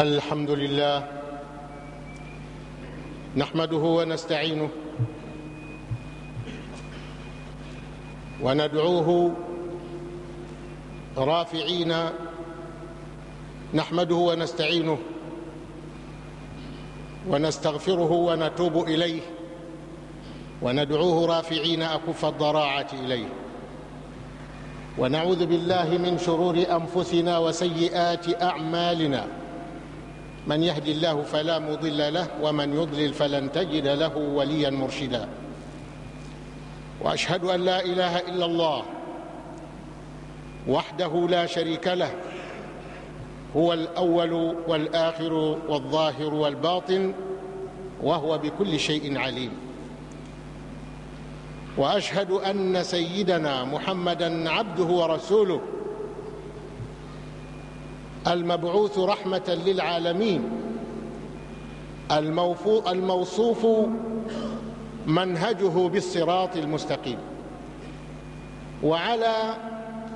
الحمد لله نحمده ونستعينه وندعوه رافعين نحمده ونستعينه ونستغفره ونتوب إليه وندعوه رافعين أكف الضراعة إليه ونعوذ بالله من شرور أنفسنا وسيئات أعمالنا من يهدي الله فلا مضل له ومن يضلل فلن تجد له وليا مرشدا واشهد ان لا اله الا الله وحده لا شريك له هو الاول والاخر والظاهر والباطن وهو بكل شيء عليم واشهد ان سيدنا محمدا عبده ورسوله المبعوث رحمة للعالمين الموصوف منهجه بالصراط المستقيم وعلى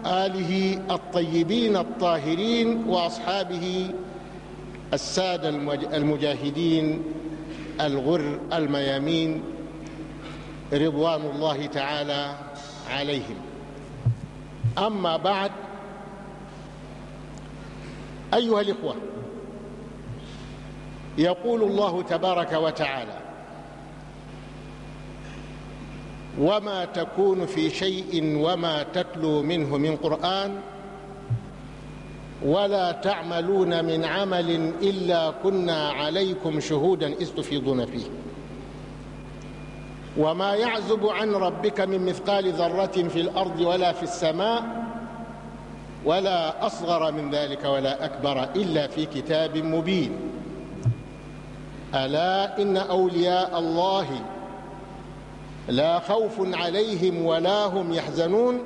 آله الطيبين الطاهرين وأصحابه السادة المجاهدين الغر الميامين رضوان الله تعالى عليهم أما بعد أيها الإخوة يقول الله تبارك وتعالى وما تكون في شيء وما تتلو منه من قرآن ولا تعملون من عمل إلا كنا عليكم شهودا إذ تفيضون فيه وما يعزب عن ربك من مثقال ذرة في الأرض ولا في السماء ولا أصغر من ذلك ولا أكبر إلا في كتاب مبين ألا إن أولياء الله لا خوف عليهم ولا هم يحزنون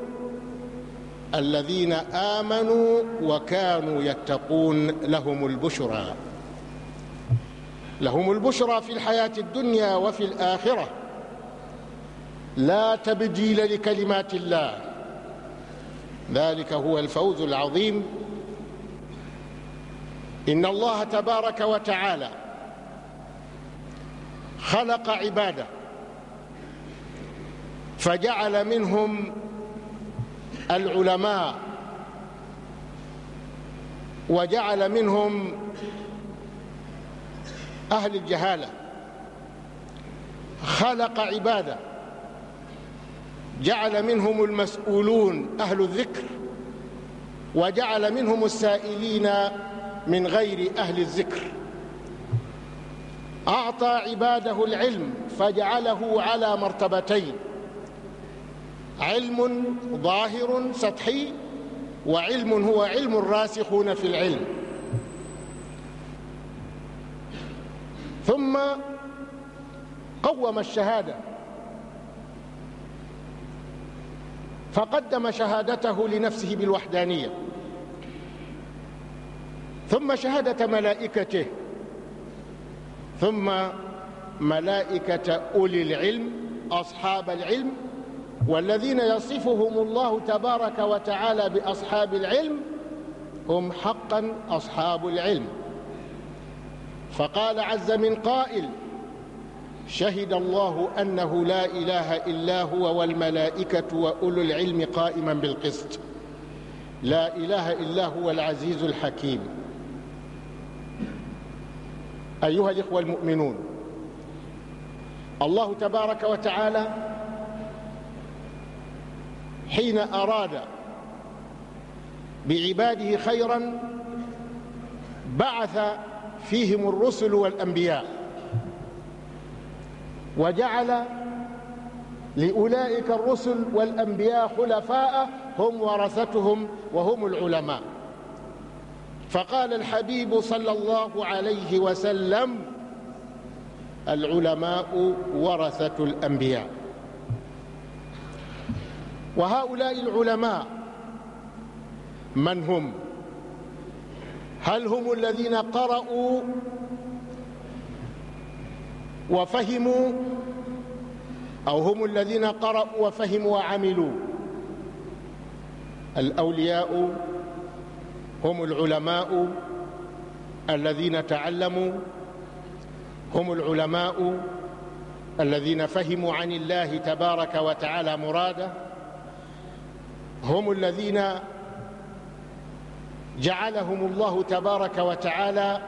الذين آمنوا وكانوا يتقون لهم البشرى لهم البشرى في الحياة الدنيا وفي الآخرة لا تبجيل لكلمات الله ذلك هو الفوز العظيم إن الله تبارك وتعالى خلق عباده فجعل منهم العلماء وجعل منهم أهل الجهالة خلق عباده جعل منهم المسؤولون أهل الذكر وجعل منهم السائلين من غير أهل الذكر أعطى عباده العلم فجعله على مرتبتين علم ظاهر سطحي وعلم هو علم الراسخون في العلم ثم قوم الشهاده فقدم شهادته لنفسه بالوحدانية ثم شهادة ملائكته ثم ملائكة أولي العلم أصحاب العلم والذين يصفهم الله تبارك وتعالى بأصحاب العلم هم حقا أصحاب العلم فقال عز من قائل شهد الله أنه لا إله إلا هو والملائكة وأولو العلم قائما بالقسط لا إله إلا هو العزيز الحكيم أيها الإخوة المؤمنون الله تبارك وتعالى حين أراد بعباده خيرا بعث فيهم الرسل والأنبياء وجعل لأولئك الرسل والأنبياء خلفاء هم ورثتهم وهم العلماء فقال الحبيب صلى الله عليه وسلم العلماء ورثة الأنبياء وهؤلاء العلماء من هم هل هم الذين قرأوا وفهموا أو هم الذين قرأوا وفهموا وعملوا الأولياء هم العلماء الذين تعلموا هم العلماء الذين فهموا عن الله تبارك وتعالى مراده هم الذين جعلهم الله تبارك وتعالى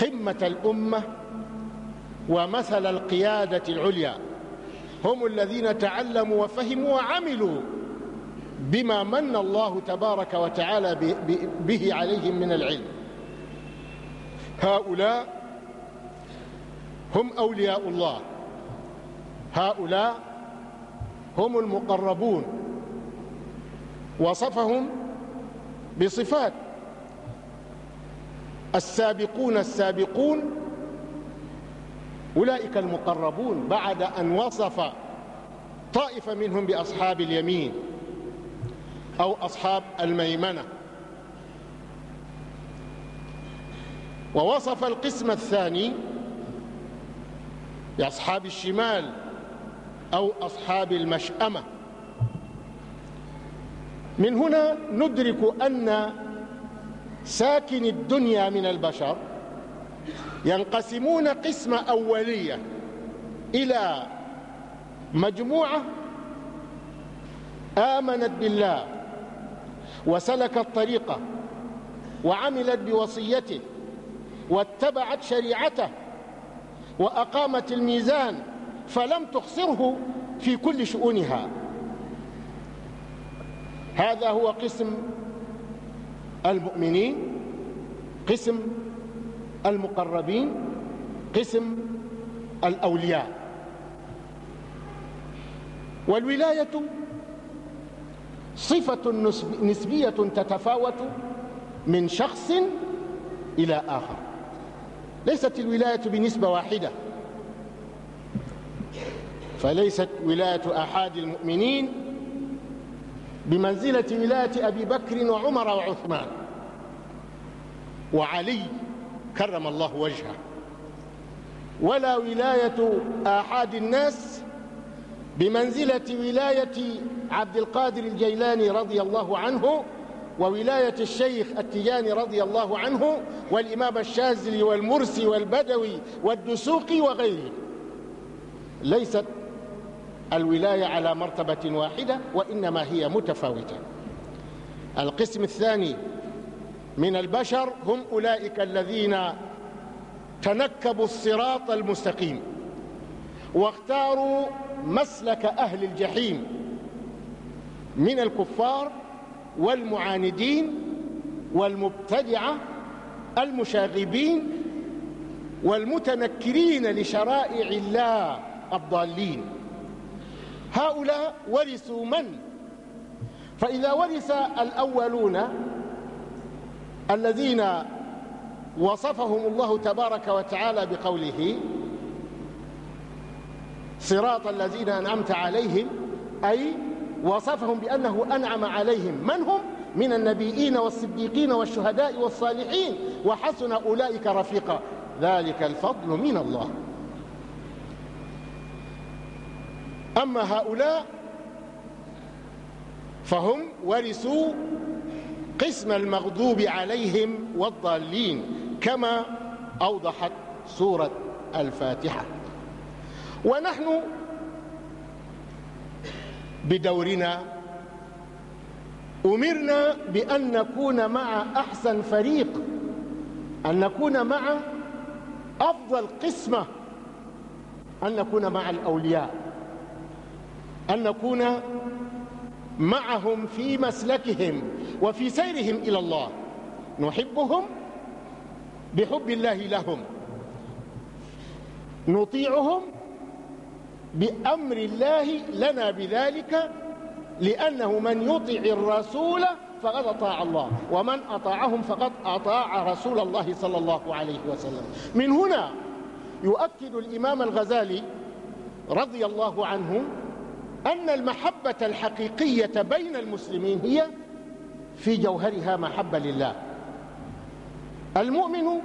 قمة الأمة ومثل القيادة العليا هم الذين تعلموا وفهموا وعملوا بما من الله تبارك وتعالى به عليهم من العلم هؤلاء هم أولياء الله هؤلاء هم المقربون وصفهم بصفات السابقون السابقون أولئك المقربون بعد أن وصف طائفة منهم بأصحاب اليمين أو أصحاب الميمنة ووصف القسم الثاني بأصحاب الشمال أو أصحاب المشأمة من هنا ندرك أن ساكن الدنيا من البشر ينقسمون قسمة أولية إلى مجموعة آمنت بالله وسلكت طريقه وعملت بوصيته واتبعت شريعته وأقامت الميزان فلم تخسره في كل شؤونها هذا هو قسم المؤمنين قسم المقربين قسم الأولياء والولاية صفة نسبية تتفاوت من شخص إلى آخر ليست الولاية بنسبة واحدة فليست ولاية أحد المؤمنين بمنزلة ولاية أبي بكر وعمر وعثمان وعلي كرم الله وجهه ولا ولاية آحاد الناس بمنزلة ولاية عبد القادر الجيلاني رضي الله عنه وولاية الشيخ التياني رضي الله عنه والإمام الشاذلي والمرسي والبدوي والدسوقي وغيره ليست الولاية على مرتبة واحدة وإنما هي متفاوتة القسم الثاني من البشر هم أولئك الذين تنكبوا الصراط المستقيم واختاروا مسلك أهل الجحيم من الكفار والمعاندين والمبتدعة المشاغبين والمتنكرين لشرائع الله الضالين هؤلاء ورثوا من فإذا ورث الأولون الذين وصفهم الله تبارك وتعالى بقوله صراط الذين أنعمت عليهم أي وصفهم بأنه أنعم عليهم من هم؟ من النبيين والصديقين والشهداء والصالحين وحسن أولئك رفيقا ذلك الفضل من الله أما هؤلاء فهم ورثوا قسم المغضوب عليهم والضالين كما أوضحت سورة الفاتحة ونحن بدورنا أمرنا بأن نكون مع أحسن فريق أن نكون مع أفضل قسمة أن نكون مع الأولياء أن نكون معهم في مسلكهم وفي سيرهم إلى الله نحبهم بحب الله لهم نطيعهم بأمر الله لنا بذلك لأنه من يطع الرسول فقد أطاع الله ومن أطاعهم فقد أطاع رسول الله صلى الله عليه وسلم من هنا يؤكد الإمام الغزالي رضي الله عنه أن المحبة الحقيقية بين المسلمين هي في جوهرها محبة لله المؤمن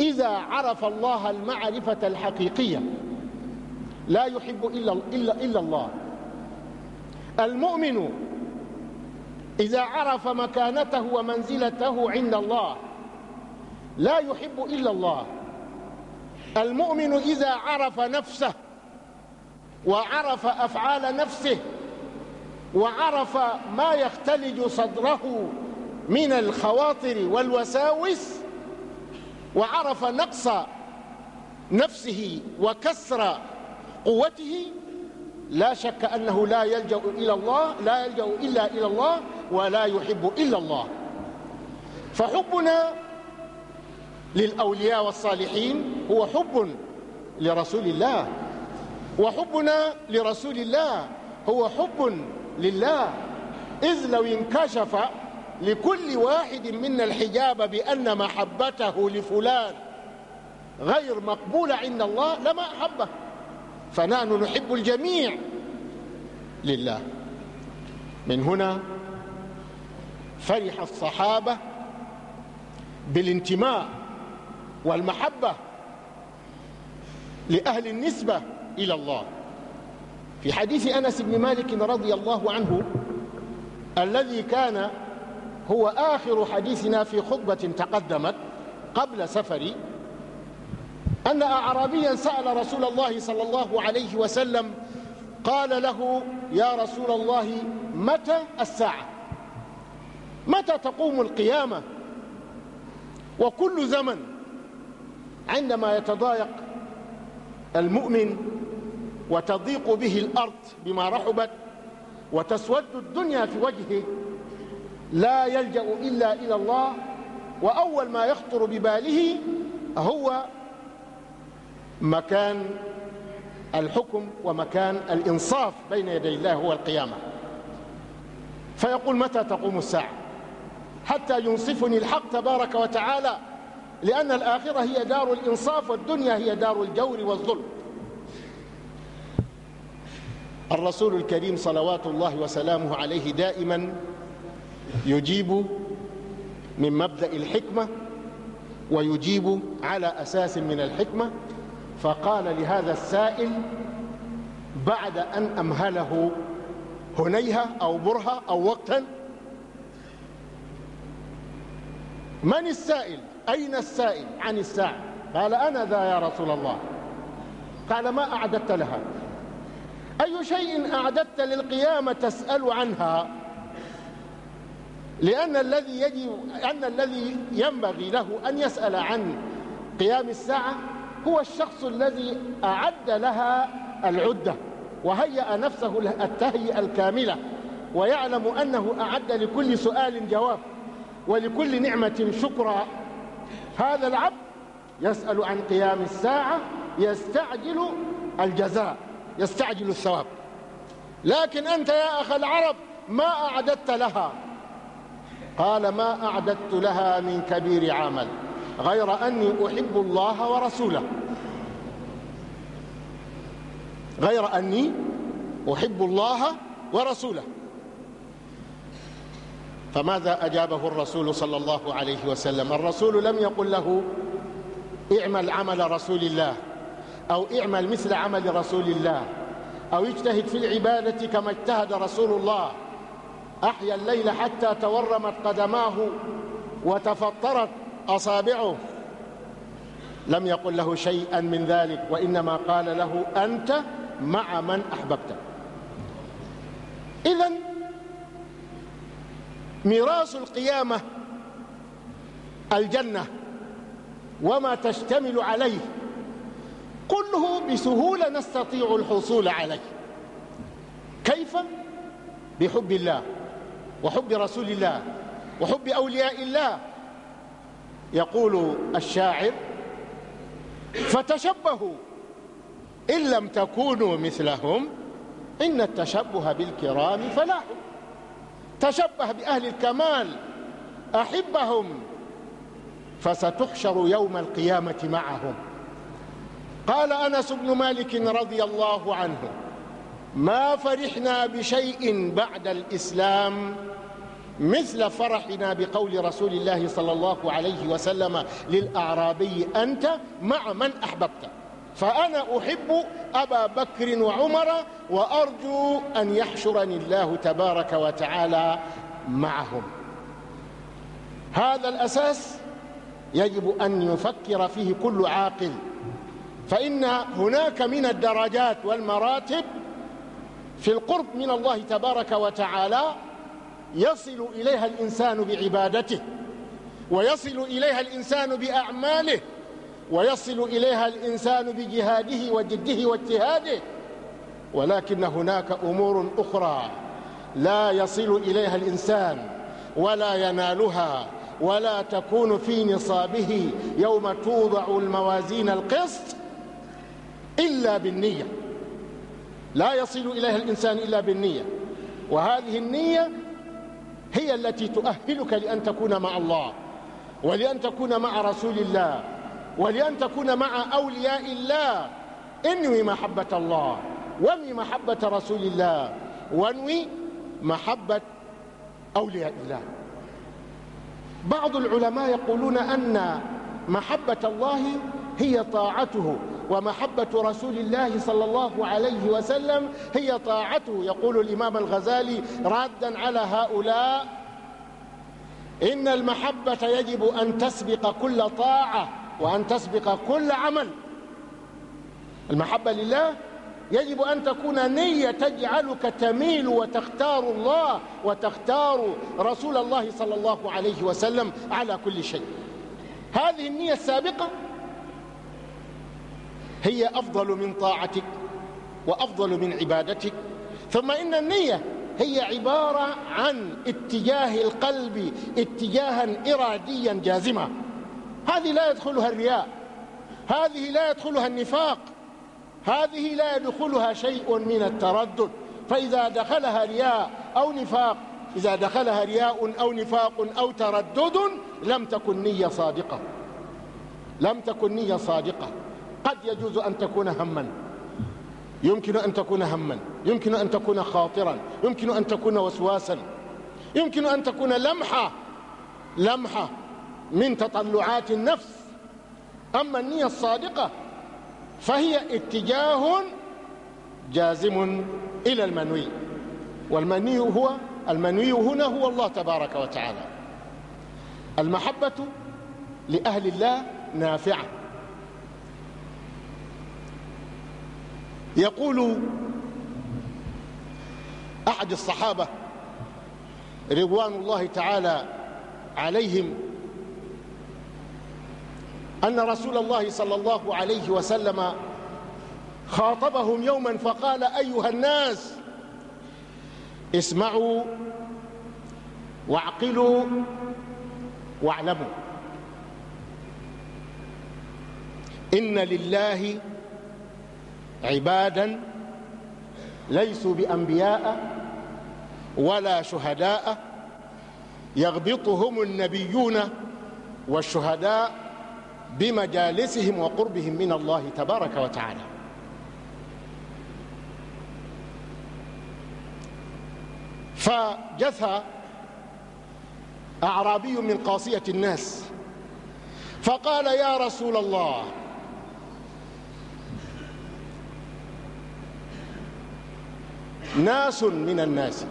إذا عرف الله المعرفة الحقيقية لا يحب إلا, إلا, إلا الله المؤمن إذا عرف مكانته ومنزلته عند الله لا يحب إلا الله المؤمن إذا عرف نفسه وعرف أفعال نفسه وعرف ما يختلج صدره من الخواطر والوساوس وعرف نقص نفسه وكسر قوته لا شك أنه لا يلجأ إلى الله لا يلجأ إلا إلى الله ولا يحب إلا الله فحبنا للأولياء والصالحين هو حب لرسول الله وحبنا لرسول الله هو حب لله إذ لو انكشف لكل واحد منا الحجاب بأن محبته لفلان غير مقبولة عند الله لما أحبه فنحن نحب الجميع لله من هنا فرح الصحابة بالانتماء والمحبة لأهل النسبة إلى الله في حديث أنس بن مالك رضي الله عنه الذي كان هو آخر حديثنا في خطبة تقدمت قبل سفري أن أعرابيا سأل رسول الله صلى الله عليه وسلم قال له يا رسول الله متى الساعة متى تقوم القيامة وكل زمن عندما يتضايق المؤمن وتضيق به الأرض بما رحبت وتسود الدنيا في وجهه لا يلجأ إلا إلى الله وأول ما يخطر بباله هو مكان الحكم ومكان الإنصاف بين يدي الله هو القيامة فيقول متى تقوم الساعة حتى ينصفني الحق تبارك وتعالى لأن الآخرة هي دار الإنصاف والدنيا هي دار الجور والظلم الرسول الكريم صلوات الله وسلامه عليه دائما يجيب من مبدأ الحكمة ويجيب على أساس من الحكمة فقال لهذا السائل بعد أن أمهله هنيها أو برها أو وقتا من السائل أين السائل عن الساعة قال أنا ذا يا رسول الله قال ما أعددت لها أي شيء أعددت للقيامة تسأل عنها لأن الذي يجب أن الذي ينبغي له أن يسأل عن قيام الساعة هو الشخص الذي أعد لها العدة وهيأ نفسه التهيئة الكاملة ويعلم أنه أعد لكل سؤال جواب ولكل نعمة شكرا هذا العبد يسأل عن قيام الساعة يستعجل الجزاء يستعجل الثواب لكن أنت يا أخ العرب ما أعددت لها قال ما أعددت لها من كبير عمل غير أني أحب الله ورسوله غير أني أحب الله ورسوله فماذا أجابه الرسول صلى الله عليه وسلم الرسول لم يقل له اعمل عمل رسول الله أو اعمل مثل عمل رسول الله أو اجتهد في العبادة كما اجتهد رسول الله أحيا الليل حتى تورمت قدماه وتفطرت أصابعه لم يقل له شيئا من ذلك وإنما قال له أنت مع من أحببت إذا ميراث القيامة الجنة وما تشتمل عليه كله بسهولة نستطيع الحصول عليه كيف؟ بحب الله وحب رسول الله وحب أولياء الله يقول الشاعر فتشبهوا إن لم تكونوا مثلهم إن التشبه بالكرام فلاح تشبه بأهل الكمال أحبهم فستحشر يوم القيامة معهم قال أنس بن مالك رضي الله عنه ما فرحنا بشيء بعد الإسلام مثل فرحنا بقول رسول الله صلى الله عليه وسلم للأعرابي أنت مع من أحببت فأنا أحب أبا بكر وعمر وأرجو أن يحشرني الله تبارك وتعالى معهم هذا الأساس يجب أن يفكر فيه كل عاقل فإن هناك من الدرجات والمراتب في القرب من الله تبارك وتعالى يصل إليها الإنسان بعبادته ويصل إليها الإنسان بأعماله ويصل إليها الإنسان بجهاده وجده واجتهاده ولكن هناك أمور أخرى لا يصل إليها الإنسان ولا ينالها ولا تكون في نصابه يوم توضع الموازين القسط إلا بالنية لا يصل إليها الإنسان إلا بالنية وهذه النية هي التي تؤهلك لأن تكون مع الله ولأن تكون مع رسول الله ولأن تكون مع أولياء الله انوي محبة الله وانوي محبة رسول الله وانوي محبة أولياء الله بعض العلماء يقولون أن محبة الله هي طاعته ومحبة رسول الله صلى الله عليه وسلم هي طاعته يقول الإمام الغزالي رادا على هؤلاء إن المحبة يجب أن تسبق كل طاعة وأن تسبق كل عمل المحبة لله يجب أن تكون نية تجعلك تميل وتختار الله وتختار رسول الله صلى الله عليه وسلم على كل شيء هذه النية السابقة هي أفضل من طاعتك وأفضل من عبادتك ثم إن النية هي عبارة عن اتجاه القلب اتجاها إراديا جازما هذه لا يدخلها الرياء هذه لا يدخلها النفاق هذه لا يدخلها شيء من التردد فإذا دخلها رياء أو نفاق إذا دخلها رياء أو نفاق أو تردد لم تكن نية صادقة لم تكن نية صادقة قد يجوز أن تكون همًا يمكن أن تكون همًا يمكن أن تكون خاطرًا يمكن أن تكون وسواسًا يمكن أن تكون لمحة لمحة من تطلعات النفس أما النية الصادقة فهي اتجاه جازم إلى المنوي والمنوي هو المنوي هنا هو الله تبارك وتعالى المحبة لأهل الله نافعة يقول أحد الصحابة رضوان الله تعالى عليهم أن رسول الله صلى الله عليه وسلم خاطبهم يوما فقال أيها الناس اسمعوا واعقلوا واعلموا إن لله عبادا ليسوا بأنبياء ولا شهداء يغبطهم النبيون والشهداء بمجالسهم وقربهم من الله تبارك وتعالى فجثى أعرابي من قاصية الناس فقال يا رسول الله ناس من الناس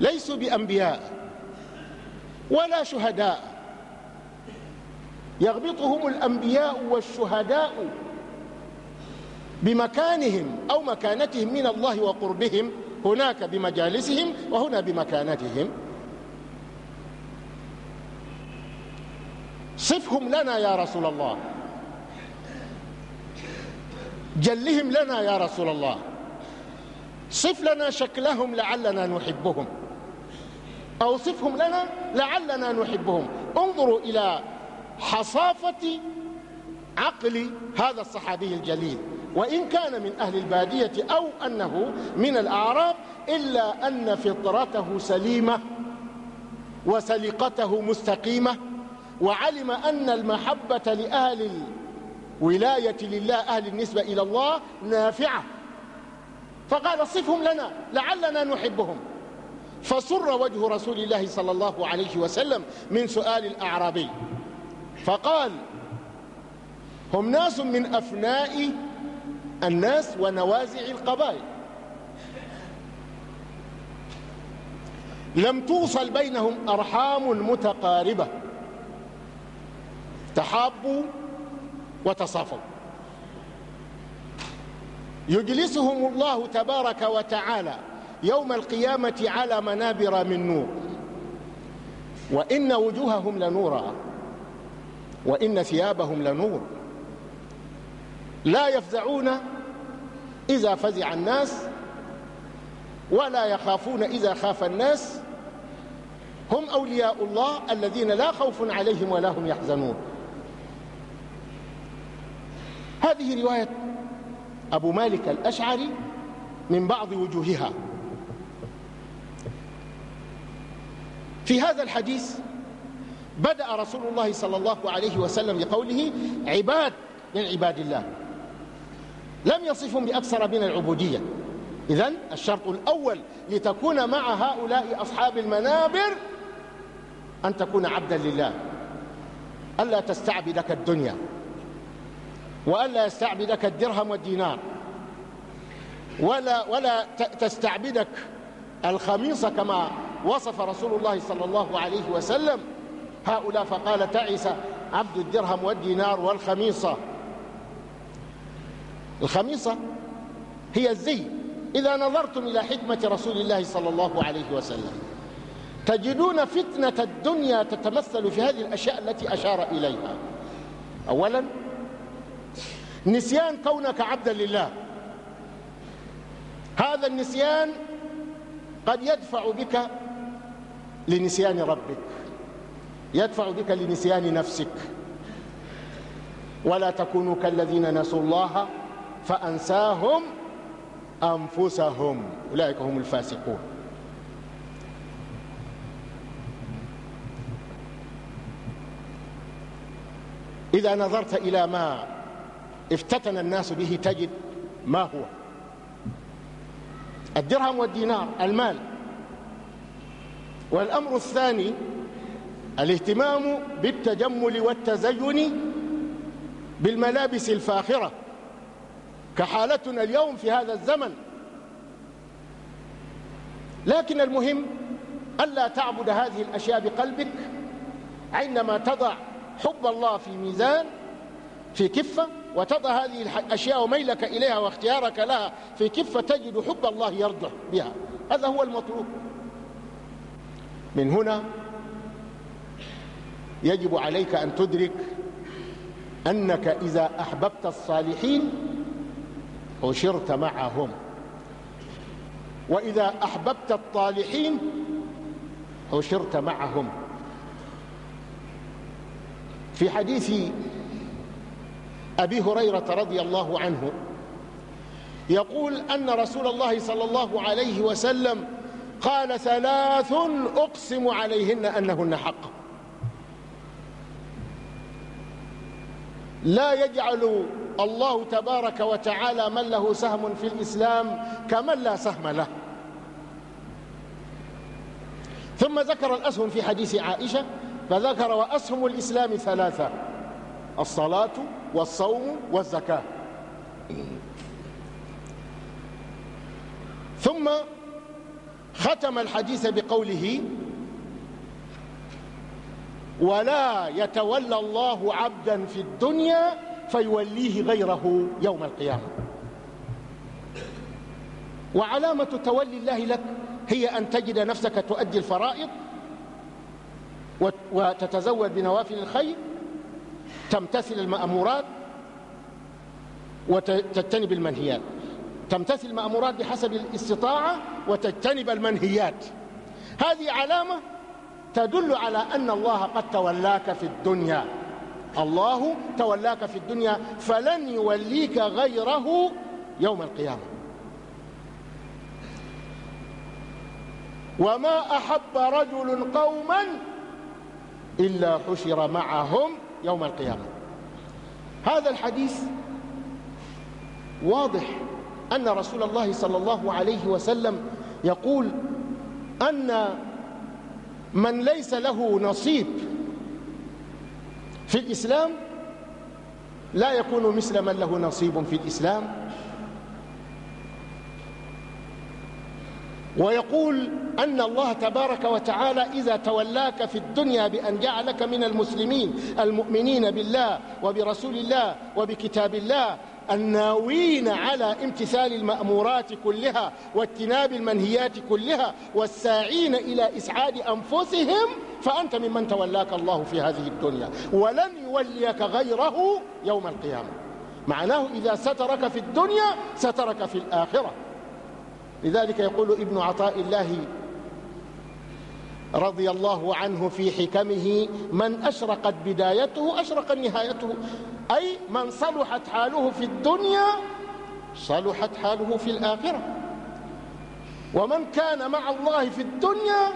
ليسوا بأنبياء ولا شهداء يغبطهم الأنبياء والشهداء بمكانهم أو مكانتهم من الله وقربهم هناك بمجالسهم وهنا بمكانتهم صفهم لنا يا رسول الله جلهم لنا يا رسول الله صف لنا شكلهم لعلنا نحبهم أو صفهم لنا لعلنا نحبهم انظروا إلى حصافة عقل هذا الصحابي الجليل وإن كان من أهل البادية أو أنه من الأعراب إلا أن فطرته سليمة وسلقته مستقيمة وعلم أن المحبة لأهل الولاية لله أهل النسبة إلى الله نافعة فقال صفهم لنا لعلنا نحبهم فسر وجه رسول الله صلى الله عليه وسلم من سؤال الأعرابي فقال هم ناس من أفناء الناس ونوازع القبائل لم توصل بينهم أرحام متقاربة تحابوا وتصافوا يجلسهم الله تبارك وتعالى يوم القيامة على منابر من نور وإن وجوههم لنورا وإن ثيابهم لنور لا يفزعون إذا فزع الناس ولا يخافون إذا خاف الناس هم أولياء الله الذين لا خوف عليهم ولا هم يحزنون هذه رواية أبو مالك الأشعري من بعض وجوهها في هذا الحديث بدأ رسول الله صلى الله عليه وسلم بقوله عباد من عباد الله لم يصفهم بأكثر من العبودية إذا الشرط الأول لتكون مع هؤلاء أصحاب المنابر أن تكون عبدا لله ألا تستعبدك الدنيا وألا يستعبدك الدرهم والدينار ولا, ولا تستعبدك الخميصة كما وصف رسول الله صلى الله عليه وسلم هؤلاء فقال تعس عبد الدرهم والدينار والخميصة الخميصة هي الزي إذا نظرتم إلى حكمة رسول الله صلى الله عليه وسلم تجدون فتنة الدنيا تتمثل في هذه الأشياء التي أشار إليها أولا نسيان كونك عبدا لله هذا النسيان قد يدفع بك لنسيان ربك يدفع بك لنسيان نفسك ولا تكونوا كالذين نسوا الله فأنساهم أنفسهم أولئك هم الفاسقون إذا نظرت إلى ما افتتن الناس به تجد ما هو الدرهم والدينار المال والأمر الثاني الاهتمام بالتجمل والتزين بالملابس الفاخرة كحالتنا اليوم في هذا الزمن لكن المهم ألا تعبد هذه الأشياء بقلبك عندما تضع حب الله في ميزان في كفة وتضع هذه الأشياء وميلك إليها واختيارك لها في كفة تجد حب الله يرجح بها هذا هو المطلوب من هنا يجب عليك أن تدرك أنك إذا أحببت الصالحين عشرت معهم وإذا أحببت الطالحين عشرت معهم في حديث أبي هريرة رضي الله عنه يقول أن رسول الله صلى الله عليه وسلم قال ثلاث أقسم عليهن أنهن حق لا يجعل الله تبارك وتعالى من له سهم في الإسلام كمن لا سهم له ثم ذكر الأسهم في حديث عائشة فذكر وأسهم الإسلام ثلاثة الصلاة والصوم والزكاة ثم ختم الحديث بقوله ولا يتولى الله عبدا في الدنيا فيوليه غيره يوم القيامة وعلامة تولي الله لك هي أن تجد نفسك تؤدي الفرائض وتتزود بنوافل الخير تمتثل المأمورات وتجتنب المنهيات تمتثل المأمورات بحسب الاستطاعة وتجتنب المنهيات هذه علامة تدل على أن الله قد تولاك في الدنيا الله تولاك في الدنيا فلن يوليك غيره يوم القيامة وما أحب رجل قوما إلا حشر معهم يوم القيامة هذا الحديث واضح أن رسول الله صلى الله عليه وسلم يقول أن من ليس له نصيب في الإسلام لا يكون مثل من له نصيب في الإسلام ويقول أن الله تبارك وتعالى إذا تولاك في الدنيا بأن جعلك من المسلمين المؤمنين بالله وبرسول الله وبكتاب الله الناوين على امتثال المأمورات كلها واجتناب المنهيات كلها والساعين إلى إسعاد أنفسهم فأنت ممن تولاك الله في هذه الدنيا ولن يوليك غيره يوم القيامة معناه إذا سترك في الدنيا سترك في الآخرة لذلك يقول ابن عطاء الله رضي الله عنه في حكمه من أشرقت بدايته أشرق نهايته أي من صلحت حاله في الدنيا صلحت حاله في الآخرة ومن كان مع الله في الدنيا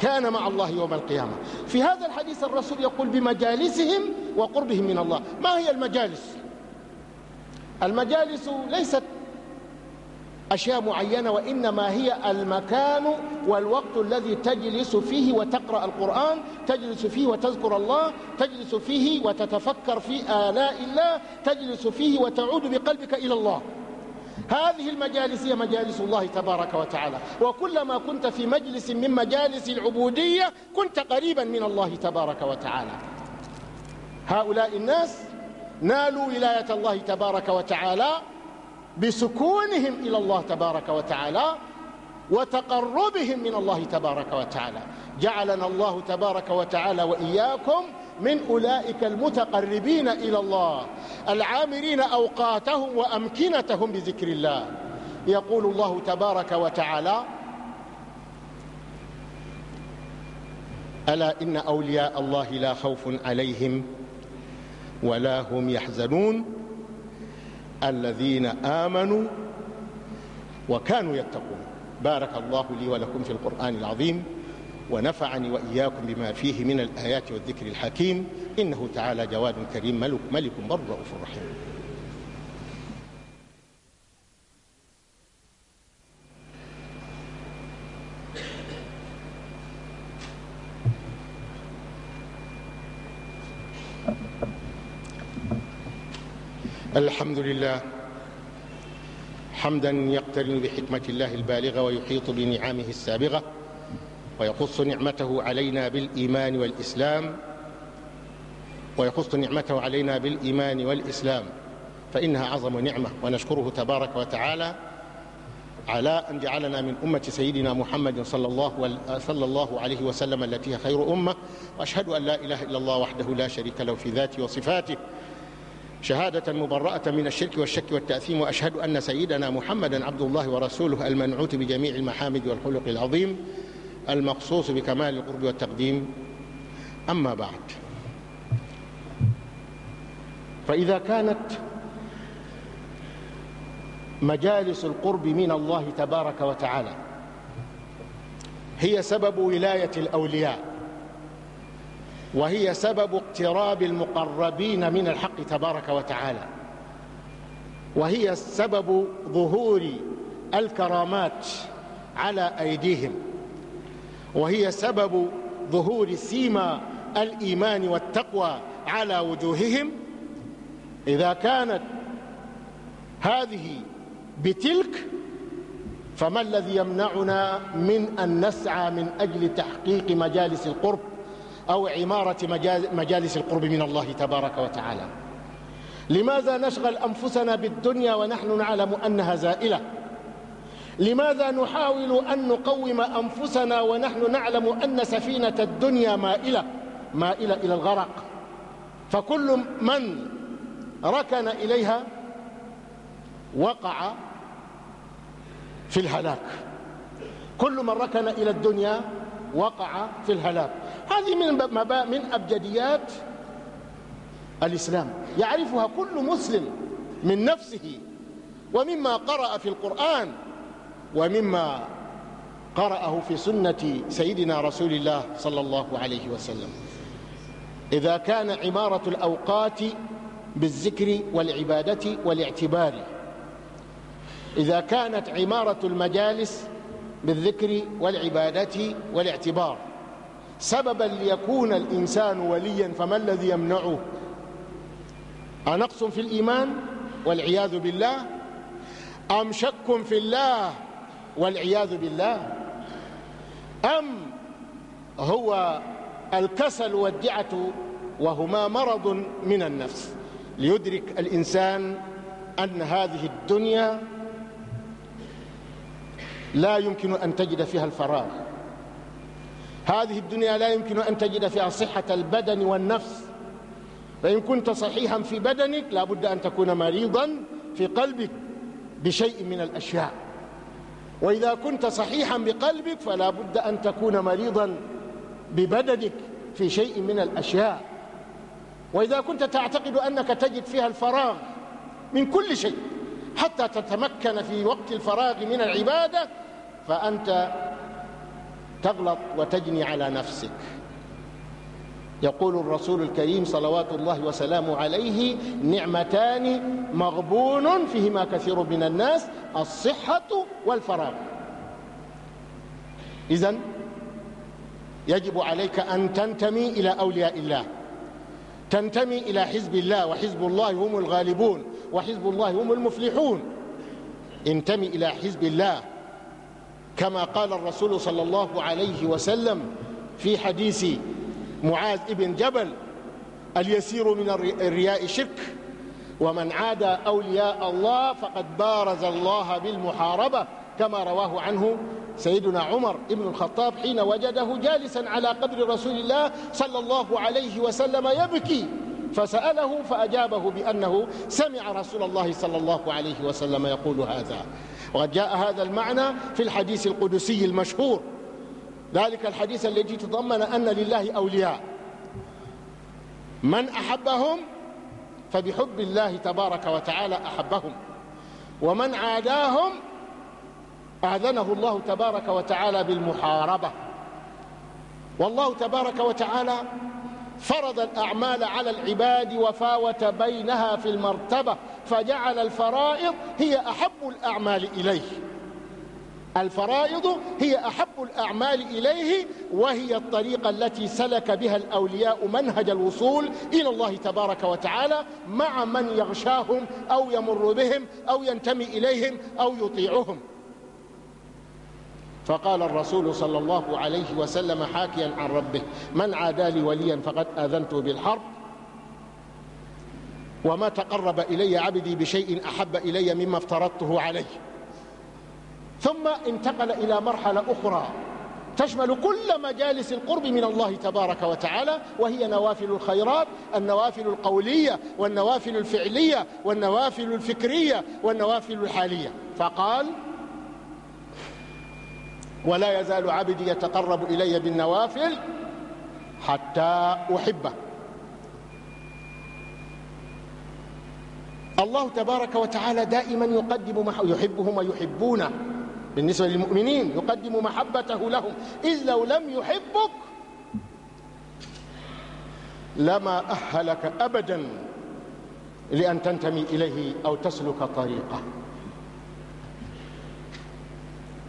كان مع الله يوم القيامة في هذا الحديث الرسول يقول بمجالسهم وقربهم من الله ما هي المجالس؟ المجالس ليست أشياء معينة وإنما هي المكان والوقت الذي تجلس فيه وتقرأ القرآن تجلس فيه وتذكر الله تجلس فيه وتتفكر في آلاء الله تجلس فيه وتعود بقلبك إلى الله هذه المجالس هي مجالس الله تبارك وتعالى وكلما كنت في مجلس من مجالس العبودية كنت قريبا من الله تبارك وتعالى هؤلاء الناس نالوا ولاية الله تبارك وتعالى بسكونهم إلى الله تبارك وتعالى وتقربهم من الله تبارك وتعالى جعلنا الله تبارك وتعالى وإياكم من أولئك المتقربين إلى الله العامرين أوقاتهم وأمكنتهم بذكر الله يقول الله تبارك وتعالى ألا إن أولياء الله لا خوف عليهم ولا هم يحزنون الذين آمنوا وكانوا يتقون بارك الله لي ولكم في القرآن العظيم ونفعني وإياكم بما فيه من الآيات والذكر الحكيم إنه تعالى جواد كريم ملك ملك بر رؤوف رحيم الحمد لله حمدا يقترن بحكمة الله البالغة ويحيط بنعمه السابغة ويقص نعمته علينا بالإيمان والإسلام ويقص نعمته علينا بالإيمان والإسلام فإنها أعظم نعمة ونشكره تبارك وتعالى على أن جعلنا من أمة سيدنا محمد صلى الله, صلى الله عليه وسلم التي هي خير أمة وأشهد أن لا إله إلا الله وحده لا شريك له في ذاته وصفاته شهادة مبرأة من الشرك والشك والتأثيم وأشهد أن سيدنا محمدا عبد الله ورسوله المنعوت بجميع المحامد والخلق العظيم المقصوص بكمال القرب والتقديم أما بعد فإذا كانت مجالس القرب من الله تبارك وتعالى هي سبب ولاية الأولياء وهي سبب اقتراب المقربين من الحق تبارك وتعالى وهي سبب ظهور الكرامات على أيديهم وهي سبب ظهور سيما الإيمان والتقوى على وجوههم إذا كانت هذه بتلك فما الذي يمنعنا من أن نسعى من أجل تحقيق مجالس القرب أو عمارة مجالس القرب من الله تبارك وتعالى لماذا نشغل أنفسنا بالدنيا ونحن نعلم أنها زائلة لماذا نحاول أن نقوم أنفسنا ونحن نعلم أن سفينة الدنيا مائلة مائلة إلى الغرق فكل من ركن إليها وقع في الهلاك كل من ركن إلى الدنيا وقع في الهلاك هذه من من أبجديات الإسلام يعرفها كل مسلم من نفسه ومما قرأ في القرآن ومما قرأه في سنة سيدنا رسول الله صلى الله عليه وسلم إذا كان عمارة الأوقات بالذكر والعبادة والاعتبار إذا كانت عمارة المجالس بالذكر والعبادة والاعتبار سببا ليكون الإنسان وليا فما الذي يمنعه أنقص في الإيمان والعياذ بالله أم شك في الله والعياذ بالله أم هو الكسل والدعة وهما مرض من النفس ليدرك الإنسان أن هذه الدنيا لا يمكن أن تجد فيها الفراغ هذه الدنيا لا يمكن أن تجد فيها صحة البدن والنفس فإن كنت صحيحا في بدنك لابد أن تكون مريضا في قلبك بشيء من الأشياء وإذا كنت صحيحا بقلبك فلا بد أن تكون مريضا ببدنك في شيء من الأشياء وإذا كنت تعتقد أنك تجد فيها الفراغ من كل شيء حتى تتمكن في وقت الفراغ من العبادة فأنت تغلط وتجني على نفسك يقول الرسول الكريم صلوات الله وسلامه عليه نعمتان مغبون فيهما كثير من الناس الصحة والفراغ إذا يجب عليك أن تنتمي إلى أولياء الله تنتمي إلى حزب الله وحزب الله هم الغالبون وحزب الله هم المفلحون انتمي إلى حزب الله كما قال الرسول صلى الله عليه وسلم في حديث معاذ ابن جبل اليسير من الرياء شرك ومن عادى أولياء الله فقد بارز الله بالمحاربة كما رواه عنه سيدنا عمر ابن الخطاب حين وجده جالسا على قبر رسول الله صلى الله عليه وسلم يبكي فسأله فأجابه بأنه سمع رسول الله صلى الله عليه وسلم يقول هذا وقد جاء هذا المعنى في الحديث القدسي المشهور ذلك الحديث الذي تضمن أن لله أولياء من أحبهم فبحب الله تبارك وتعالى أحبهم ومن عاداهم أعذنه الله تبارك وتعالى بالمحاربة والله تبارك وتعالى فرض الأعمال على العباد وفاوت بينها في المرتبة فجعل الفرائض هي أحب الأعمال إليه الفرائض هي أحب الأعمال إليه وهي الطريقة التي سلك بها الأولياء منهج الوصول إلى الله تبارك وتعالى مع من يغشاهم أو يمر بهم أو ينتمي إليهم أو يطيعهم فقال الرسول صلى الله عليه وسلم حاكيا عن ربه من عادى لي وليا فقد آذنته بالحرب وما تقرب إلي عبدي بشيء أحب إلي مما افترضته عليه ثم انتقل إلى مرحلة أخرى تشمل كل مجالس القرب من الله تبارك وتعالى وهي نوافل الخيرات النوافل القولية والنوافل الفعلية والنوافل الفكرية والنوافل الحالية فقال ولا يزال عبدي يتقرب إلي بالنوافل حتى أحبه الله تبارك وتعالى دائما يقدم مح... يحبهم ويحبونه بالنسبة للمؤمنين يقدم محبته لهم إذ لو لم يحبك لما أهلك أبدا لأن تنتمي إليه أو تسلك طريقه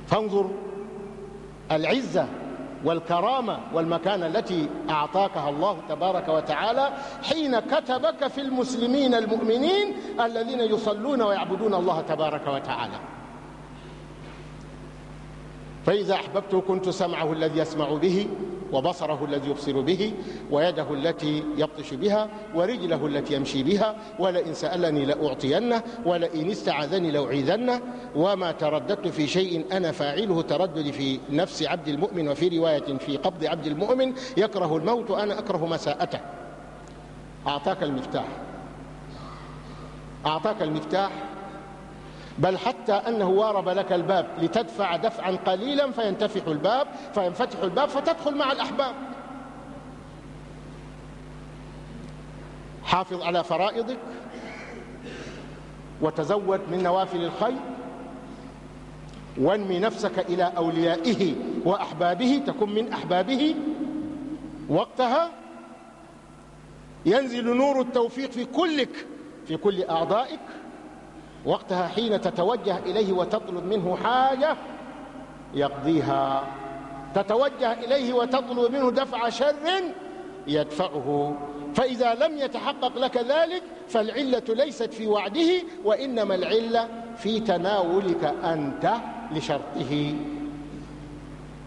فانظر العزة والكرامة والمكانة التي أعطاكها الله تبارك وتعالى حين كتبك في المسلمين المؤمنين الذين يصلون ويعبدون الله تبارك وتعالى فإذا أحببته كنت سمعه الذي يسمع به وبصره الذي يبصر به ويده التي يبطش بها ورجله التي يمشي بها ولئن سألني لأعطينه ولئن استعاذني لأعيذنه وما ترددت في شيء أنا فاعله تردد في نفس عبد المؤمن وفي رواية في قبض عبد المؤمن يكره الموت أنا أكره مساءته أعطاك المفتاح أعطاك المفتاح بل حتى أنه وارب لك الباب لتدفع دفعا قليلا فينتفح الباب فينفتح الباب فتدخل مع الأحباب حافظ على فرائضك وتزود من نوافل الخير وانمي نفسك إلى أوليائه وأحبابه تكن من أحبابه وقتها ينزل نور التوفيق في كلك في كل أعضائك وقتها حين تتوجه إليه وتطلب منه حاجة يقضيها تتوجه إليه وتطلب منه دفع شر يدفعه فإذا لم يتحقق لك ذلك فالعلة ليست في وعده وإنما العلة في تناولك أنت لشرطه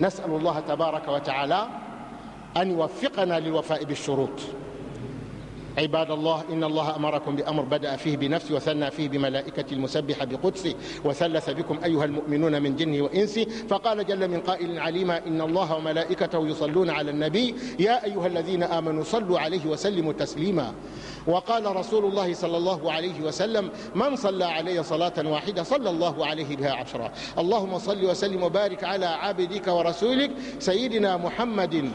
نسأل الله تبارك وتعالى أن يوفقنا للوفاء بالشروط عباد الله إن الله أمركم بأمر بدأ فيه بنفسه وثنى فيه بملائكة المسبحة بقدسه وثلث بكم أيها المؤمنون من جنه وإنس فقال جل من قائل عليما إن الله وملائكته يصلون على النبي يا أيها الذين آمنوا صلوا عليه وسلموا تسليما وقال رسول الله صلى الله عليه وسلم من صلى علي صلاة واحدة صلى الله عليه بها عشرة اللهم صل وسلم وبارك على عبدك ورسولك سيدنا محمد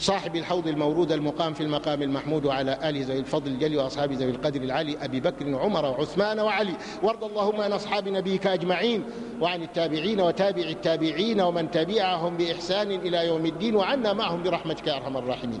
صاحب الحوض المورود المقام في المقام المحمود وعلى آله ذوي الفضل الجلي وأصحاب ذوي القدر العالي أبي بكر وعمر وعثمان وعلي وارض اللهم عن أصحاب نبيك أجمعين وعن التابعين وتابع التابعين ومن تبعهم بإحسان إلى يوم الدين وعنا معهم برحمتك يا أرحم الراحمين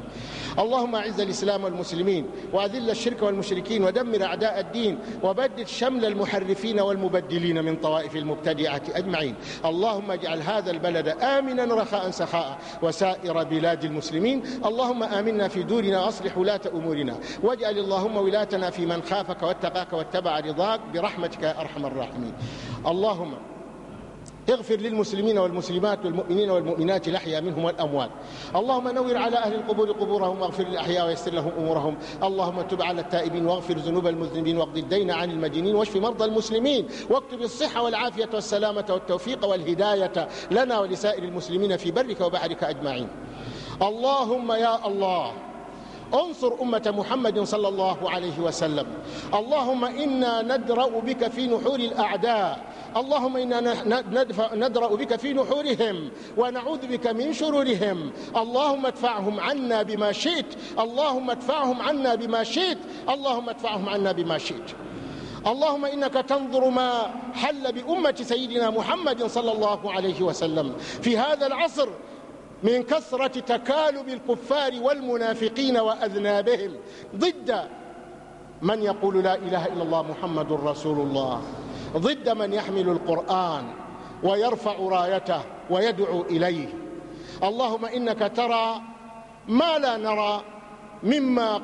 اللهم أعز الإسلام والمسلمين وأذل الشرك والمشركين ودمر أعداء الدين وبدد شمل المحرفين والمبدلين من طوائف المبتدعة أجمعين اللهم اجعل هذا البلد آمنا رخاء سخاء وسائر بلاد المسلمين المسلمين اللهم آمنا في دورنا وأصلح ولاة أمورنا واجعل اللهم ولاتنا في من خافك واتقاك واتبع رضاك برحمتك يا أرحم الراحمين اللهم اغفر للمسلمين والمسلمات والمؤمنين والمؤمنات الأحياء منهم والأموات اللهم نور على أهل القبور قبورهم واغفر للأحياء ويسر لهم أمورهم اللهم تب على التائبين واغفر ذنوب المذنبين واقض الدين عن المدينين واشف مرضى المسلمين واكتب الصحة والعافية والسلامة والتوفيق والهداية لنا ولسائر المسلمين في برك وبحرك أجمعين اللهم يا الله انصر أمة محمد صلى الله عليه وسلم اللهم إنا ندرأ بك في نحور الأعداء اللهم إنا ندرأ بك في نحورهم ونعوذ بك من شرورهم اللهم ادفعهم عنا بما شئت اللهم ادفعهم عنا بما شئت اللهم ادفعهم عنا بما شئت اللهم إنك تنظر ما حل بأمة سيدنا محمد صلى الله عليه وسلم في هذا العصر من كثرة تكالب الكفار والمنافقين وأذنابهم ضد من يقول لا إله إلا الله محمد رسول الله ضد من يحمل القرآن ويرفع رايته ويدعو إليه اللهم إنك ترى ما لا نرى مما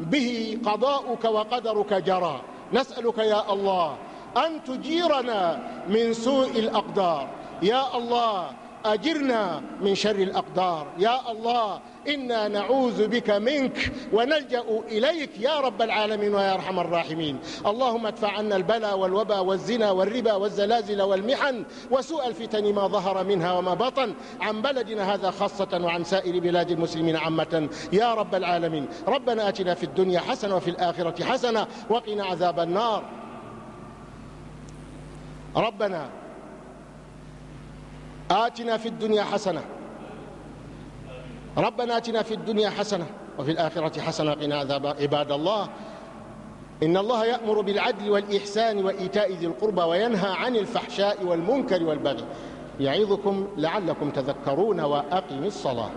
به قضاؤك وقدرك جرى نسألك يا الله أن تجيرنا من سوء الأقدار يا الله أجرنا من شر الأقدار يا الله إنا نعوذ بك منك ونلجأ إليك يا رب العالمين ويا أرحم الراحمين اللهم ادفع عنا البلا والوبا والزنا والربا والزلازل والمحن وسوء الفتن ما ظهر منها وما بطن عن بلدنا هذا خاصة وعن سائر بلاد المسلمين عامة يا رب العالمين ربنا أتنا في الدنيا حسنة وفي الآخرة حسنة وقنا عذاب النار ربنا آتنا في الدنيا حسنة ربنا آتنا في الدنيا حسنة وفي الآخرة حسنة قنا عذاب عباد الله إن الله يأمر بالعدل والإحسان وإيتاء ذي القربى وينهى عن الفحشاء والمنكر والبغي يعظكم لعلكم تذكرون وأقم الصلاة